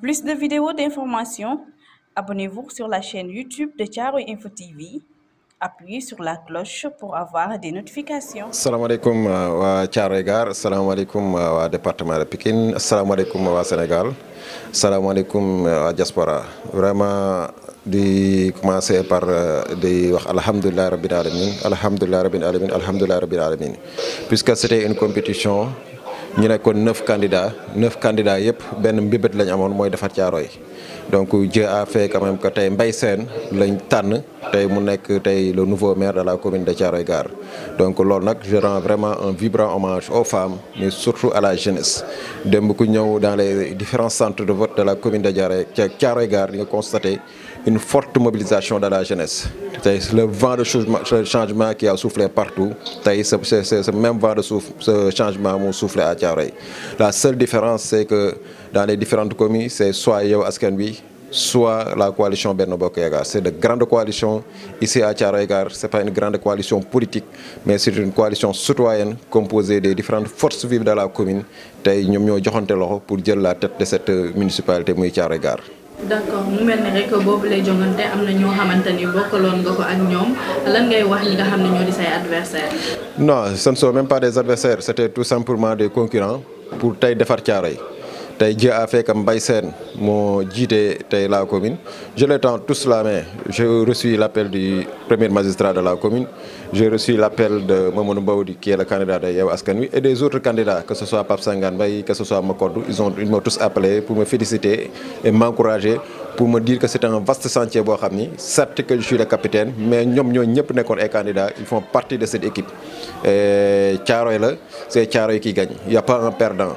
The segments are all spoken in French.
Plus de vidéos d'informations, abonnez-vous sur la chaîne YouTube de Charo Info TV. appuyez sur la cloche pour avoir des notifications. wa euh, waa Thiaroye Salam alaikum euh, wa département de Pikine alaikum wa Sénégal alaikum à euh, diaspora vraiment di commencer par Alhamdulillah wax alhamdulilah Alhamdulillah alamin Alhamdulillah rabbin alamin Alhamdulillah rabbil alamin puisque c'était une compétition ñu nekkoon neuf candidats neuf candidats yëpp ben mbibét lañ amoon mooy defar Thiaroye donc Dieu a fait quand même que tey un Sène lañ tànn tey mu nekk le nouveau maire de la commune de Tiaroy Gar. donc là je rends vraiment un vibrant hommage aux femmes mais surtout à la jeunesse ku dans les différents centres de vote de la commune de Tiaroy thiaroye nous constaté une forte mobilisation dans la jeunesse. Le vent de changement qui a soufflé partout, c'est ce même vent de ce changement qui a soufflé à Tiaray. La seule différence, c'est que dans les différentes communes, c'est soit Yo Askenbi, soit la coalition Bernobokayagar. C'est de grandes coalitions. Ici à Tiaray, ce n'est pas une grande coalition politique, mais c'est une coalition citoyenne composée des différentes forces vives de la commune. Nous avons pour dire la tête de cette municipalité, Tiaray. d' accord mu mel ne rek boobu lay jongante am na ñoo xamante ni bokkaloon nga ko ak ñoom lan ngay wax ñi nga xam ne ñoo di say adversaire non ce ne sont pas des adversaires c' tout simplement des concurrents pour tey defar caaro yi Dieu fait comme la commune je les tends tous la main Je reçois l'appel du premier magistrat de la commune Je reçois l'appel de Mamadou qui est le candidat de et des autres candidats que ce soit Pap Sangane que ce soit Makodou ils ont m'ont tous appelé pour me féliciter et m'encourager pour me dire que c'est un vaste sentier pour xamni certes que je suis le capitaine mais ñom ñoy ñep candidats ils font partie de cette équipe et la c'est qui gagne il n'y a pas un perdant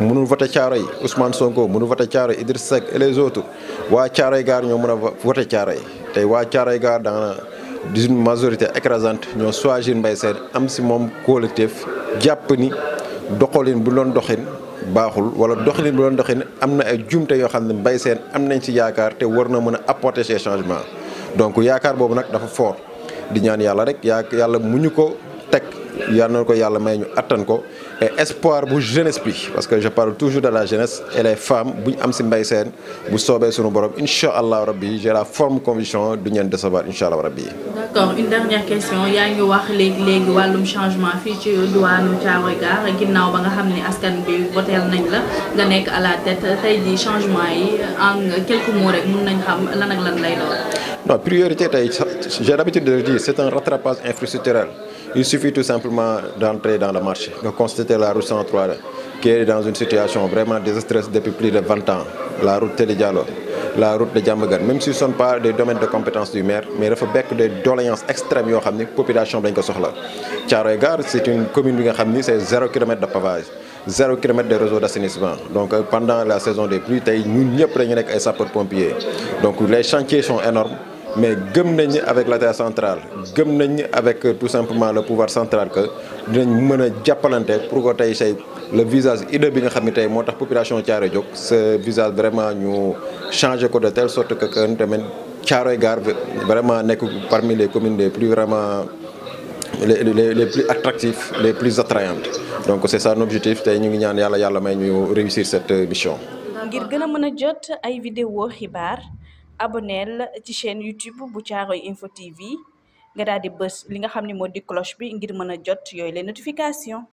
mënul voté Thiaroye Ousmane Sonko mënul voté Thiaroye Idriss Seck et les autres waa Thiaroye Gare ñoo mën a voté Thiaroye tey waa Thiaroye Gare dans une majorité écrasante ñoo choisir Mbaye Sène am si moom collectif jàpp ni doxalin bu doon doxin baaxul wala doxalin bu doon doxin am na ay jumte yoo xam ne mbay seen am nañ si yaakaar te war na mën a apporter ces changements donc yaakaar boobu nag dafa fort di ñaan yàlla rek yàlla mu ñu ko teg yal na ko yàlla may ñu attan ko et espoir bu jeunesse bi parce que je parle toujours de la jeunesse et les femmes bu ñu am si mbay seen bu soobee suñu borom rabbi j'ai la forme conviction du ñeen décevoir incha inshallah rabbi. d'accord une dernière question yaa ngi wax léegi léegi walum changement fi ci diwaanu Thiaroye Gare ginnaaw ba nga xamni askan bi voté nañ la nga nek à la tête tay di changement yi en quelques mots rek mun nañ xam lan ak lan lay doon. Non, priorité, j'ai l'habitude de le dire, c'est un rattrapage infrastructurel. Il suffit tout simplement d'entrer dans le marché, de constater la route 103 qui est dans une situation vraiment désastreuse depuis plus de 20 ans. La route Télédialo, la route de Djamagan, même si ce ne sont pas des domaines de compétence du maire, mais il faut des doléances extrêmes pour la population c'est une commune qui c'est 0 km de pavage. 0 km de réseau d'assainissement. Donc euh, pendant la saison des pluies, nous sommes tous les sapeurs-pompiers. Donc les chantiers sont énormes mais gëm nañ avec l'État centrale gëm nañ avec euh, tout simplement le pouvoir central que dinañ mën a jàppalante pour que tey say le visage ide bi nga xam ne tey moo tax population Thiaré jóg ce visage vraiment ñu changé ko de telle sorte que que tamit Thiaroye Gare vraiment nekk parmi les communes les plus vraiment les les les plus attractifs les plus attrayantes donc c'est ça l'objectif tey ñu ngi ñaan yàlla yàlla may ñu réussir cette euh, mission. ngir gën a mën a jot ay vidéo xibaar. aboneel ci chaîne YouTube bu Caaroy info TV nga daal di bës li nga xam ne moo di cloche bi ngir mën a jot yooyu les notification